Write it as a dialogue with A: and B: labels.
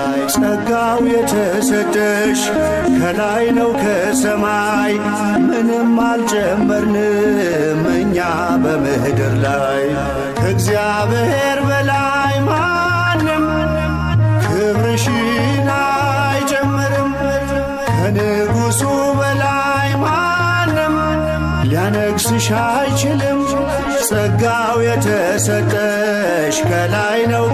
A: ከላይ ጸጋው የተሰጠሽ ከላይ ነው ከሰማይ ምንም አልጨመርንም እኛ በምድር ላይ ከእግዚአብሔር በላይ ማንም
B: ክብርሽን አይጨምርም ከንጉሱ በላይ ማንም ሊያነግስሽ አይችልም ጸጋው
C: የተሰጠሽ ከላይ ነው